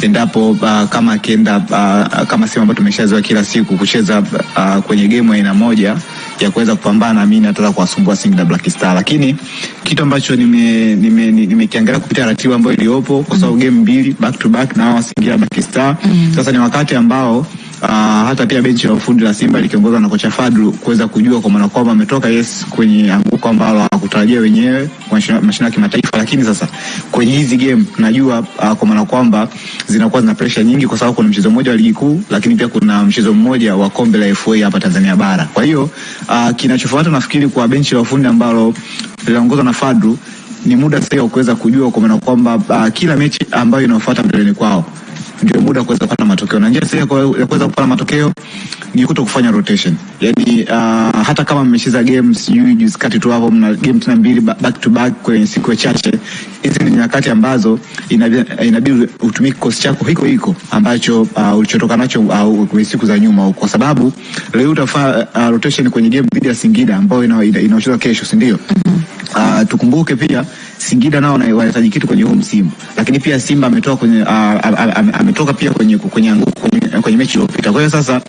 endapo uh, kama akienda uh, kama sehemu ambayo tumeshazoea kila siku kucheza uh, kwenye game aina moja ya kuweza kupambana, mimi nataka kuwasumbua Singida Black Star, lakini kitu ambacho nime nimekiangalia nime kupitia ratiba ambayo iliyopo kwa sababu mm -hmm. game mbili back to back na Singida Black Star mm -hmm. Sasa ni wakati ambao uh, hata pia benchi ya ufundi la Simba likiongozwa na kocha Fadlu kuweza kujua kwa maana kwamba ametoka yes kwenye anguko ambalo hakutarajia wenyewe kwa mashindano ya kimataifa, lakini sasa kwenye hizi game najua uh, kwa maana kwamba zinakuwa zina pressure nyingi, kwa sababu kuna mchezo mmoja wa ligi kuu, lakini pia kuna mchezo mmoja wa kombe la FA hapa Tanzania bara. Kwa hiyo uh, kinachofuata nafikiri kwa benchi la ufundi ambalo linaongozwa na Fadlu ni muda sasa wa kuweza kujua kwa maana kwamba uh, kila mechi ambayo inayofuata mbeleni kwao ndio muda kuweza kupata matokeo, na njia sahihi ya kuweza kupata matokeo ni kuto kufanya rotation. Yani uh, ah, hata kama mmecheza game sijui juzi kati tu hapo mna game tena mbili back to back kwenye siku chache, hizi ni nyakati ambazo inabidi utumie kikosi chako hiko hiko ambacho uh, ulichotoka nacho uh, kwenye siku za nyuma, kwa sababu leo utafanya uh, rotation kwenye game dhidi ya Singida ambayo inaochezwa ina, ina kesho, si ndio? mm -hmm. uh, tukumbuke pia Singida nao wanahitaji kitu kwenye huu msimu, lakini pia Simba ametoka kwenye ametoka pia kwenye kwenye kwenye mechi iliyopita. Kwa hiyo sasa,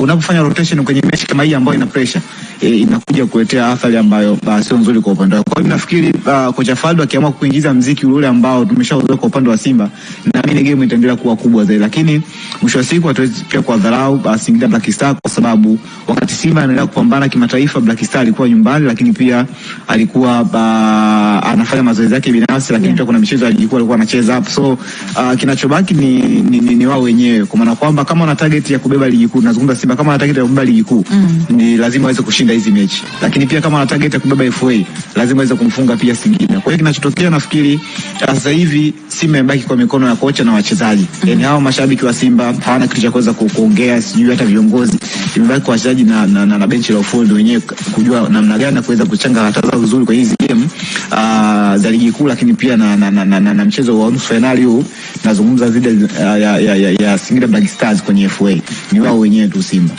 unapofanya rotation kwenye mechi kama hii ambayo ina pressure e, inakuja kuletea athari ambayo ah, sio nzuri kwa upande wao. Kwa hiyo nafikiri uh, kocha Faldo akiamua kuingiza mziki ule ambao tumeshauzoea kwa upande wa Simba, naamini game itaendelea kuwa kubwa zaidi, lakini mwisho wa siku hatuwezi pia kwa dharau uh, ah, Singida Black Star kwa sababu wakati Simba anaendelea kupambana kimataifa, Black Star alikuwa nyumbani, lakini pia alikuwa uh, anafanya mazoezi yake binafsi, lakini yeah, pia kuna michezo ya alikuwa anacheza hapo. So uh, kinachobaki ni, ni, ni, ni wao wenyewe, kwa maana kwamba kama ana target ya kubeba ligi kuu, nazungumza Simba kama ana target ya kubeba ligi kuu mm, ni lazima aweze kushinda kushinda hizi mechi, lakini pia kama ana target ya kubeba FA lazima aweze kumfunga pia Singida. Kwa hiyo kinachotokea nafikiri eh, sasa hivi Simba imebaki kwa mikono ya kocha na wachezaji mm -hmm. Yani hao mashabiki wa Simba hawana kitu cha kuweza kuongea, sijui hata viongozi, imebaki kwa wachezaji na, na, na, na benchi la ufundi wenyewe kujua namna gani na kuweza kuchanga hataza vizuri kwa hizi game uh, za ligi kuu, lakini pia na, na, na, na, na, na mchezo wa nusu fainali huu nazungumza dhidi ah, ya, ya, ya, ya Singida Black Stars kwenye FA, ni wao wenyewe tu Simba.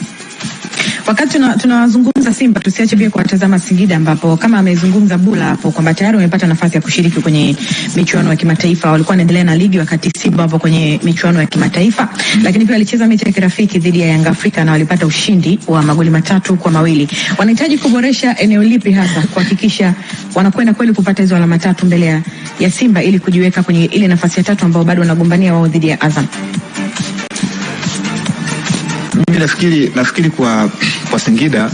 Wakati tunazungumza Simba, tusiache pia kuwatazama Singida, ambapo kama amezungumza Bula hapo kwamba tayari wamepata nafasi ya kushiriki kwenye michuano ya kimataifa. Walikuwa wanaendelea na ligi wakati Simba hapo kwenye michuano ya kimataifa, lakini pia walicheza mechi ya kirafiki dhidi ya Yanga Afrika na walipata ushindi wa magoli matatu kwa mawili. Wanahitaji kuboresha eneo lipi hasa kuhakikisha wanakwenda kweli kupata hizo alama tatu mbele ya Simba ili kujiweka kwenye ile nafasi ya tatu ambao bado wanagombania wao dhidi ya Azam? Mimi nafikiri, nafikiri kwa, kwa Singida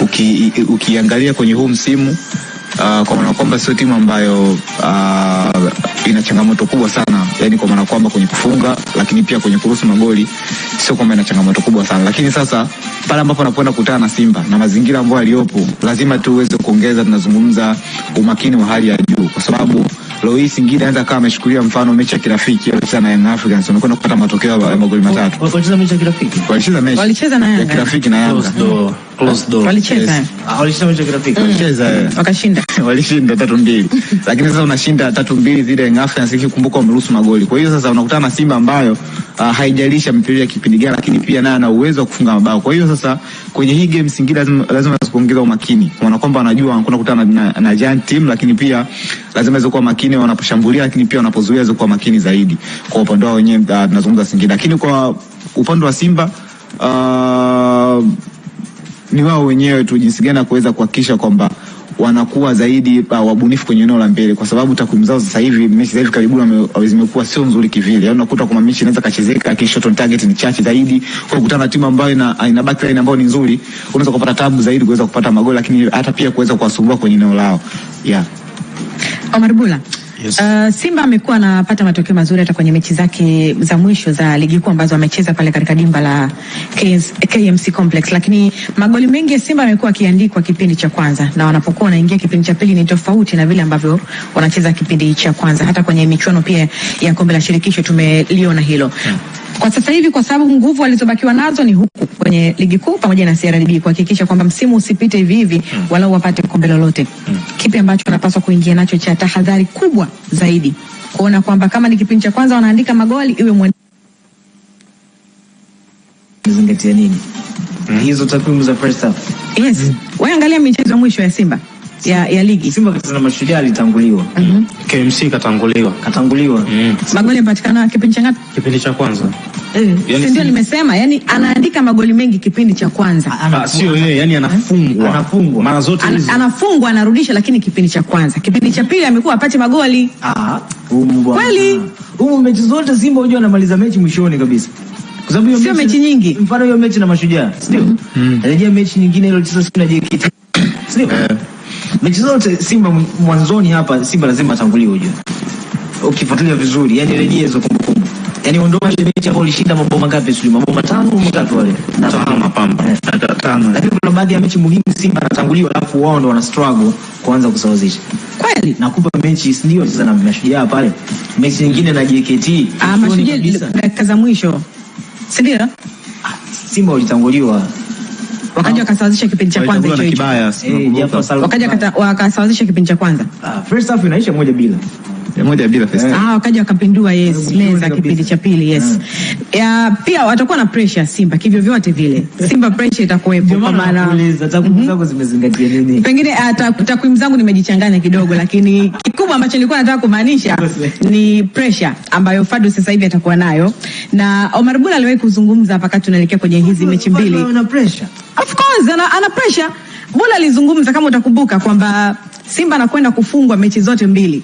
uki, ukiangalia kwenye huu msimu uh, kwa maana kwamba sio timu ambayo uh, ina changamoto kubwa sana yani, kwa maana kwamba kwenye kufunga, lakini pia kwenye kuruhusu magoli sio kwamba ina changamoto kubwa sana lakini, sasa pale ambapo anapoenda kukutana na Simba na mazingira ambayo aliyopo, lazima tu uweze kuongeza, tunazungumza umakini wa hali ya juu kwa sababu leo hii Singida anaweza kama ameshukulia mfano mechi ya kirafiki walicheza na Young Africans, wamekwenda kupata matokeo ya magoli matatu. Walicheza mechi ya kirafiki, walicheza mechi, ya kirafiki na Yanga walicheza walishinda mechi ya mm. kirafiki, walicheza eh. mm. wakashinda, walishinda tatu mbili, lakini sasa unashinda tatu mbili zile ghafla, na sisi kumbuka wameruhusu magoli. Kwa hiyo sasa unakutana na Simba ambayo uh, haijalisha mpira ya kipindi gani, lakini pia naye ana uwezo wa kufunga mabao. Kwa hiyo sasa kwenye hii game Singida lazima lazima kuongeza umakini, wana kwamba anajua wanajua wanakutana na, na giant team, lakini pia lazima izo kwa makini wanaposhambulia, lakini pia wanapozuia izo kwa makini zaidi kwa upande wao wenyewe. Uh, tunazungumza Singida, lakini kwa upande wa Simba uh, ni wao wenyewe tu jinsi gani kuweza kuhakikisha kwamba wanakuwa zaidi uh, wabunifu kwenye eneo la mbele, kwa sababu takwimu zao sasa hivi mechi za hivi karibuni zimekuwa sio nzuri kivile. Yaani unakuta kwamba mechi inaweza kachezeka, shot on target ni chache zaidi, kwa kukutana na timu ambayo ina, ina backline ambayo ni nzuri, unaweza kupata tabu zaidi kuweza kupata magoli, lakini hata pia kuweza kuwasumbua kwenye eneo lao yeah. Omar Bula Yes. Uh, Simba amekuwa anapata matokeo mazuri hata kwenye mechi zake za mwisho za ligi kuu ambazo amecheza pale katika dimba la KS, KMC Complex, lakini magoli mengi ya Simba amekuwa akiandikwa kipindi cha kwanza na wanapokuwa wanaingia kipindi cha pili ni tofauti na vile ambavyo wanacheza kipindi cha kwanza. Hata kwenye michuano pia ya kombe la shirikisho tumeliona hilo. Yeah. Hmm kwa sasa hivi, kwa sababu nguvu walizobakiwa nazo ni huku kwenye ligi kuu pamoja na CRDB kuhakikisha kwamba msimu usipite hivi hivi, mm. walau wapate kombe lolote mm. Kipi ambacho wanapaswa kuingia nacho cha tahadhari kubwa zaidi, kuona kwamba kama ni kipindi cha kwanza wanaandika magoli, iwe mwen... zingatia nini hmm. hizo takwimu za first half? Yes, angalia michezo ya mwisho ya Simba ya, ya ligi. Simba na mashujaa alitanguliwa. uh mhm. -huh. KMC katanguliwa. Katanguliwa. Mm. Magoli yapatikana kipindi cha ngapi? Kipindi cha kwanza. Eh, yani ndio nimesema, yani anaandika magoli mengi kipindi cha kwanza. Ah, sio yeye, yani eh? anafungwa. Anafungwa. Mara zote An, hizi. Anafungwa, anarudisha lakini kipindi cha kwanza. Kipindi cha pili amekuwa apate magoli. Ah, kweli. umu mechi zote Simba unajua anamaliza mechi mwishoni kabisa. Kwa sababu hiyo mechi nyingi. Mfano hiyo mechi na mashujaa, sio? Mm-hmm. Rejea mechi nyingine ile 9 na JKT. Sio? mechi zote Simba mwanzoni hapa Simba lazima atangulie hujua, ukifuatilia vizuri, yani rejea hizo kumbukumbu, yani ondoa ile mechi ambayo ulishinda mabao mangapi? Sio mabao matano au matatu wale na tano mapamba hata tano, lakini kuna baadhi ya mechi muhimu Simba anatanguliwa, alafu wao ndo wana struggle kuanza kusawazisha. Kweli nakupa mechi ndio sasa na mashujaa pale, mechi nyingine na JKT, ah mashujaa dakika za mwisho, si ndio ah, Simba ulitanguliwa wakaja eh, wakasawazisha kipindi cha kwanza hicho ah, hicho, wakaja wakasawazisha kipindi cha kwanza, first half inaisha moja bila moja bila pesa. Ah, ah wakaja wakapindua yes, meza kipindi cha pili yes. Ah. Ya pia watakuwa na pressure Simba kivyo vyote vile. Simba pressure itakuwepo kwa maana takwimu mhm. zako zimezingatia nini? Pengine ah, takwimu zangu nimejichanganya kidogo, lakini kikubwa ambacho nilikuwa nataka kumaanisha ni pressure ambayo Fadu sasa hivi atakuwa nayo na Omar Bula aliwahi kuzungumza hapa kati tunaelekea kwenye hizi mechi mbili. Ana pressure. Of course ana, ana pressure. Bula alizungumza kama utakumbuka kwamba Simba anakwenda kufungwa mechi zote mbili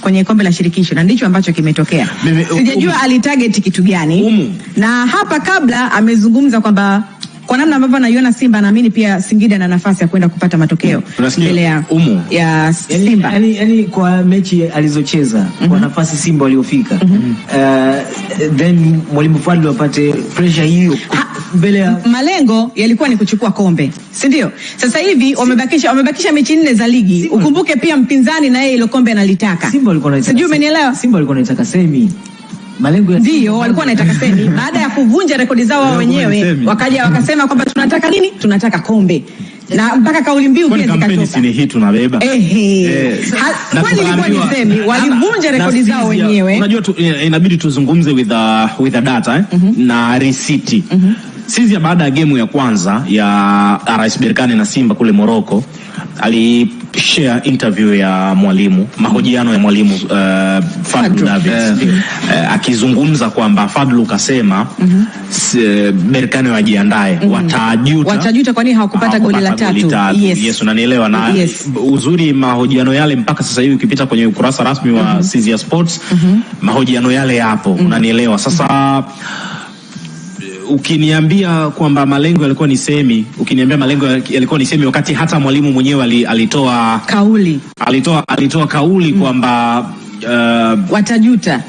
kwenye kombe la shirikisho na ndicho ambacho kimetokea. Uh, Sijajua alitarget kitu gani umu. Na hapa kabla amezungumza kwamba kwa namna ambavyo anaiona Simba naamini pia Singida na nafasi ya kwenda kupata matokeo mbele ya umu ya yaani, Simba. Yani, yani kwa mechi alizocheza mm -hmm. kwa mhm. nafasi Simba waliofika mm -hmm. uh, then mwalimu Fadlu apate pressure hiyo mbele ya malengo yalikuwa ni kuchukua kombe, si ndio? Sasa hivi wamebakisha wamebakisha mechi nne za ligi. Simba. Ukumbuke pia mpinzani na yeye ile kombe analitaka. Simba alikuwa analitaka. Sijui umenielewa? Simba alikuwa analitaka semi. Malengo ya ndio walikuwa wanaitaka semi. Baada ya kuvunja rekodi zao wao wenyewe, wakaja wakasema kwamba tunataka nini? Tunataka kombe na mpaka kauli mbiu pia zikatoka, ni hii tunabeba. Ehe, eh. kwani ilikuwa ni semi, walivunja rekodi zao wenyewe. Unajua, eh, inabidi tuzungumze with the uh, with the data eh? mm -hmm. na receipt mm -hmm ya baada ya gemu ya kwanza ya RS Berkane na Simba kule Morocco alishare interview ya mwalimu, mahojiano ya mwalimu uh, Fadlu David uh, uh, akizungumza kwamba Fadlu kasema uh mhm. eh, -huh. Berkane wajiandae uh mhm. -huh. watajuta, watajuta nini hawakupata goli la tatu. Yes, yes unanielewa na yes. Uzuri mahojiano yale mpaka sasa hivi ukipita kwenye ukurasa rasmi wa uh mhm. -huh. Sizia Sports uh -huh. mahojiano yale yapo uh -huh. unanielewa sasa uh -huh ukiniambia kwamba malengo yalikuwa ni semi, ukiniambia malengo yalikuwa ni semi, wakati hata mwalimu mwenyewe alitoa kauli, alitoa alitoa kauli mm. kwamba uh, watajuta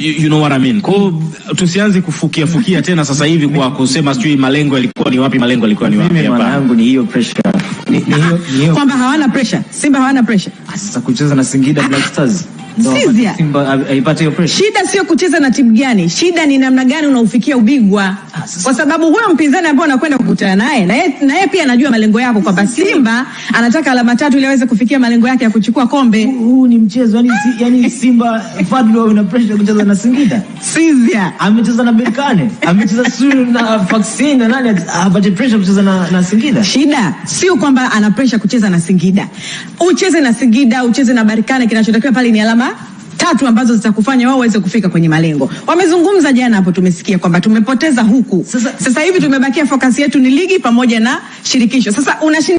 You, you know what I mean. Kwa mm. tusianze kufukia fukia tena sasa hivi kwa kusema sijui malengo yalikuwa ni wapi, malengo yalikuwa ni wapi. Mimi mwanangu ni hiyo pressure. Ni ni hiyo, hiyo kwamba hawana pressure. Simba hawana pressure. Ah, sasa kucheza na Singida Black Stars. Shida sio kucheza na timu gani, shida ni namna gani unaufikia ubingwa, ah, kwa sababu huyo mpinzani ambaye anakwenda kukutana naye na yeye pia anajua malengo yako, kwamba Simba anataka alama tatu ili aweze kufikia malengo yake ya kuchukua kombe. Huu ni mchezo yani, yani Simba Fadlu ana pressure kucheza na Singida. Sizia amecheza na Berkane, amecheza Suru na Faksini na nani, hapati pressure kucheza na, na Singida. Shida sio kwamba ana pressure kucheza na Singida, ucheze na Singida, ucheze na Berkane, kinachotakiwa pale ni alama tatu ambazo zitakufanya wao waweze kufika kwenye malengo. Wamezungumza jana hapo, tumesikia kwamba tumepoteza huku. Sasa, sasa hivi tumebakia fokasi yetu ni ligi pamoja na shirikisho. Sasa una